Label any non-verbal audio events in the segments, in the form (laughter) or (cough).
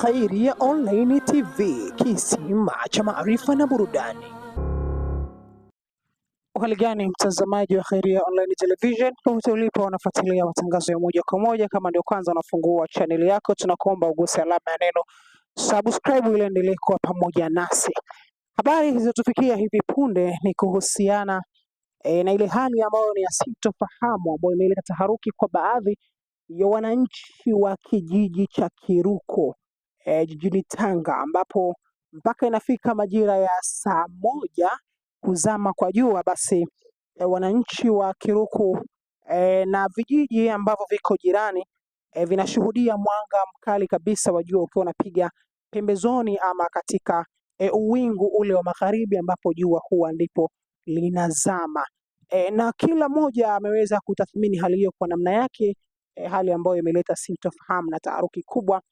Khairia Online TV, kisima cha maarifa na burudani. Uhali gani mtazamaji wa Khairia Online Television, popote ulipo unafuatilia matangazo ya moja kwa moja. Kama ndio kwanza unafungua chaneli yako, tunakuomba uguse alama ya neno subscribe ili endelee kuwa pamoja nasi. Habari zilizotufikia hivi punde ni kuhusiana e, na ile hali ambayo ni asitofahamu ambayo imeleta taharuki kwa baadhi ya wananchi wa kijiji cha Kiruko e, jijini Tanga ambapo mpaka inafika majira ya saa moja kuzama kwa jua basi e, wananchi wa Kiruko e, na vijiji ambavyo viko jirani e, vinashuhudia mwanga mkali kabisa wa jua ukiwa unapiga pembezoni ama katika e, uwingu ule wa magharibi ambapo jua huwa ndipo linazama e, na kila mmoja ameweza kutathmini hali hiyo kwa namna yake e, hali ambayo imeleta sintofahamu na taharuki kubwa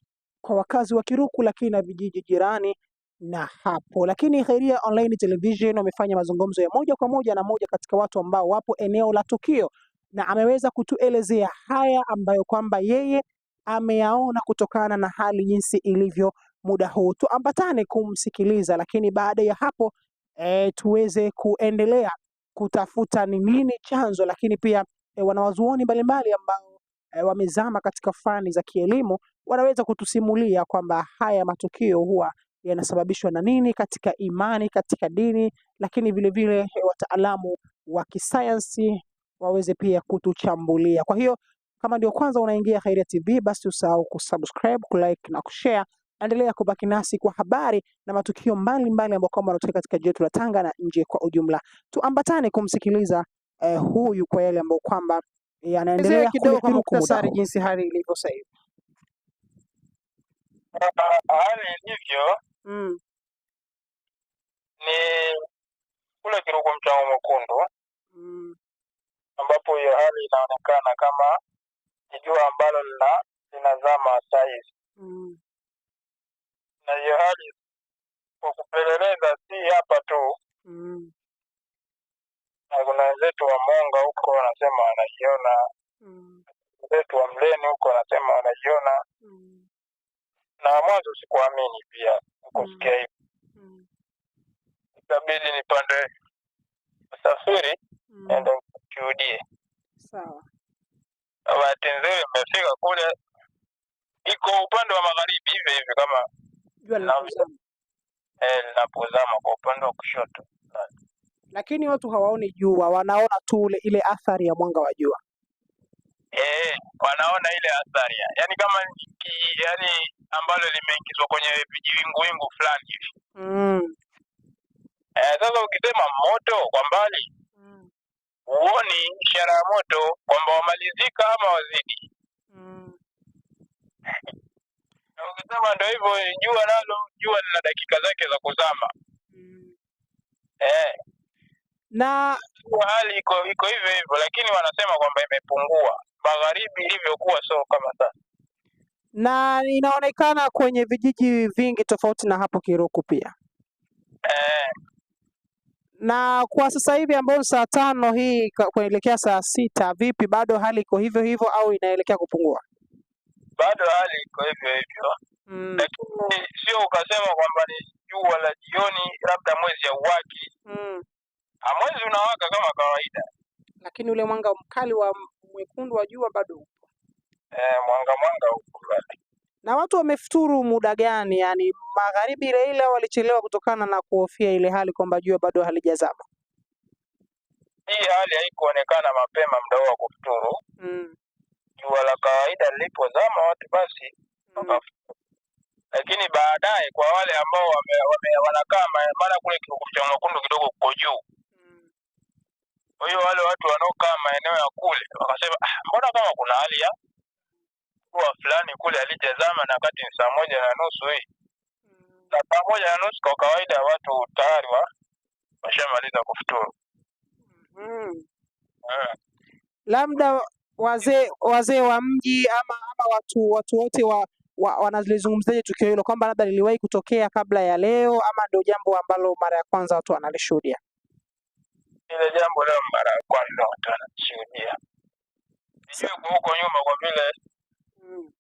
kwa wakazi wa Kiruku lakini na vijiji jirani na hapo. Lakini Khairia Online Television wamefanya mazungumzo ya moja kwa moja na moja katika watu ambao wapo eneo la tukio, na ameweza kutuelezea haya ambayo kwamba yeye ameyaona kutokana na hali jinsi ilivyo muda huu. Tuambatane kumsikiliza, lakini baada ya hapo e, tuweze kuendelea kutafuta ni nini chanzo, lakini pia e, wanawazuoni mbalimbali ambao e, wamezama katika fani za kielimu wanaweza kutusimulia kwamba haya matukio huwa yanasababishwa na nini katika imani, katika dini, lakini vilevile vile e, wataalamu wa kisayansi waweze pia kutuchambulia. Kwa hiyo kama ndio kwanza unaingia Khairia TV, basi usahau kusubscribe, kulike na kushare endelea kubaki nasi kwa habari na matukio mbalimbali ambayo kwamba yanatokea katika jiji letu la Tanga na nje kwa ujumla. Tuambatane kumsikiliza eh, huyu kwa yale ambayo kwamba yanaendelea kidogo, kwa muktasari jinsi hali ilivyo sasa hivi. Ah, hali ilivyo mm. ni kule Kiruku mchango mwekundu mm. ambapo hiyo hali inaonekana kama jua ambalo linazama saizi mm na hiyo hali kwa kupeleleza si hapa tu mm. na kuna wenzetu wa Monga huko wanasema wanajiona mm. wa Mleni huko wanasema wanajiona mm. na mwanzo sikuamini pia kusikia mm. hivi mm. itabidi nipande usafiri mm. ende kushuhudie. Sawa. Bahati nzuri mmefika kule, iko upande wa magharibi hivi hivi kama jua linapozama eh, linapozama kwa upande wa kushoto, lakini watu hawaoni jua, wanaona tu ule ile athari ya mwanga wa jua eh, wanaona ile athari yani kama yani ambalo limeingizwa kwenye vijiwinguwingu fulani hivi mm. Eh, sasa ukisema moto kwa mbali mm. huoni ishara ya moto kwamba wamalizika ama wazidi mm. (laughs) Sema ndio hivyo, eh, jua nalo, jua lina dakika zake za kuzama mm. Eh, na hali iko iko hivyo hivyo, lakini wanasema kwamba imepungua magharibi ilivyokuwa, so kama sasa, na inaonekana kwenye vijiji vingi tofauti na hapo Kiruku pia eh. Na kwa sasa hivi ambayo saa tano hii kuelekea saa sita, vipi, bado hali iko hivyo hivyo au inaelekea kupungua? Bado hali iko hivyo hivyo mm. lakini sio ukasema kwamba ni jua la jioni, labda mwezi auwaki mm. Ah, mwezi unawaka kama kawaida, lakini ule mwanga mkali wa mwekundu wa jua bado upo e, mwanga mwanga upo Na watu wamefuturu muda gani? Yani magharibi ile ile walichelewa kutokana na kuhofia ile hali kwamba jua bado halijazama. Hii hali haikuonekana mapema mda huo wa kufuturu mm. jua la kawaida lilipozama watu basi mm lakini baadaye kwa wale ambao wame, wame, wanakaa mara kule cha mwekundu kidogo kuko juu kwa hiyo wale watu wanaokaa maeneo ya kule wakasema ah, mbona kama kuna hali ya kuwa fulani kule alijazama na wakati ni saa moja na nusu hii mm. na saa moja na nusu kwa kawaida watu tayari wa washamaliza kufuturu mm yeah. labda wazee wazee wa mji ama ama watu watu wote wa wa, wanalizungumzaje tukio hilo kwamba labda liliwahi kutokea kabla ya leo ama ndio jambo ambalo mara ya kwanza watu wanalishuhudia? Ile jambo leo mara ya kwanza watu wanashuhudia, sijui huko nyuma kwa vile mm.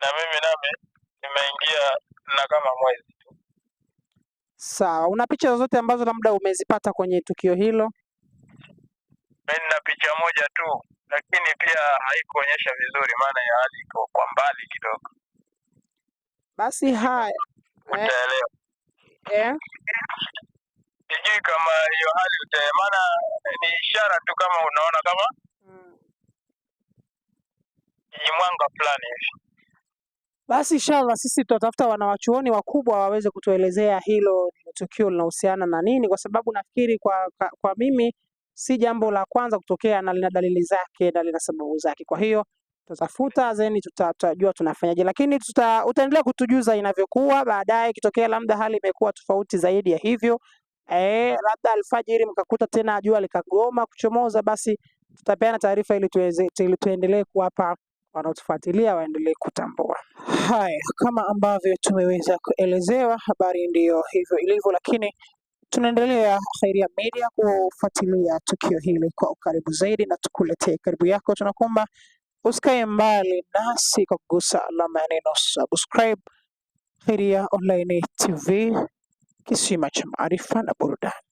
na mimi nami nimeingia na kama mwezi tu. Sawa, una picha zozote ambazo labda umezipata kwenye tukio hilo? mimi nina picha moja tu, lakini pia haikuonyesha vizuri, maana ya hali iko kwa mbali kidogo. Basi haya, utaelewa eh, eh. Sijui kama hiyo hali ute, maana ni ishara tu, kama unaona kama mm. ni mwanga fulani hivi. Basi inshallah sisi tutatafuta wanawachuoni wakubwa waweze kutuelezea hilo tukio linahusiana na nini, kwa sababu nafikiri kwa, kwa, kwa mimi si jambo la kwanza kutokea na lina dalili zake na lina sababu zake. Kwa hiyo tutafuta then tutajua tunafanyaje, lakini tuta, utaendelea kutujuza inavyokuwa baadaye. Ikitokea labda hali imekuwa tofauti zaidi ya hivyo e, labda alfajiri mkakuta tena jua likagoma kuchomoza, basi tutapeana taarifa ili tuweze ili tuendelee kuwapa wanaotufuatilia waendelee kutambua haya. Kama ambavyo tumeweza kuelezewa, habari ndiyo hivyo ilivyo, lakini Tunaendelea Khairia Media kufuatilia tukio hili kwa ukaribu zaidi na tukuletee karibu yako. Tunakuomba usikae mbali nasi kwa kugusa alama ya neno subscribe. Khairia Online TV, kisima cha maarifa na burudani.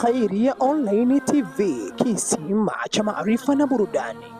Khairia Online TV, kisima cha maarifa na burudani.